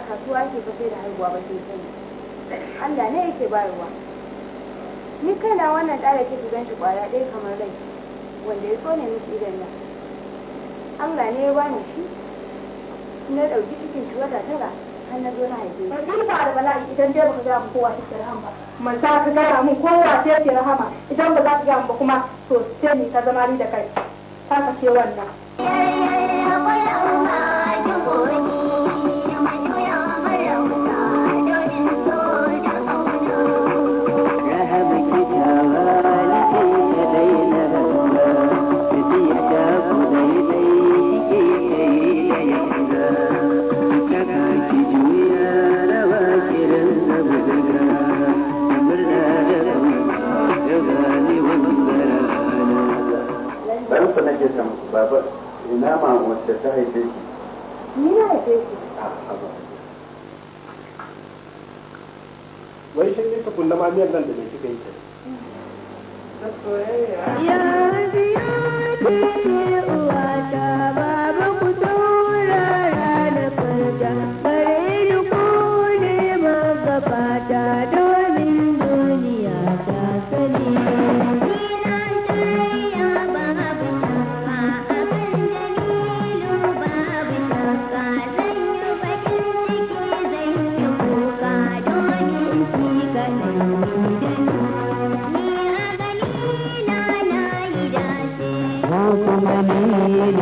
a kasuwa ake fa sai da haihuwa ba sai kai Allah ne yake bayarwa ni kaina wannan tsara ke gan shi kwara ɗaya kamar rai wanda ya so ne miki idan nan Allah ne ya bani shi na ɗauki cikin shi wata tara har na zo na haife shi. Ban ba da bala'i idan dai baka gaya mu kowa ta rahama ba. Man sa ka gaya mun kowa ta ce rahama idan ba za ka gaya mu ba kuma to sai ni ta zama ni da kai. Ka ce wannan. bari ku nake san baba ina ta haife shi. ni wai shi ne ta kunna nan da me kika yi ta ಮನೆಯ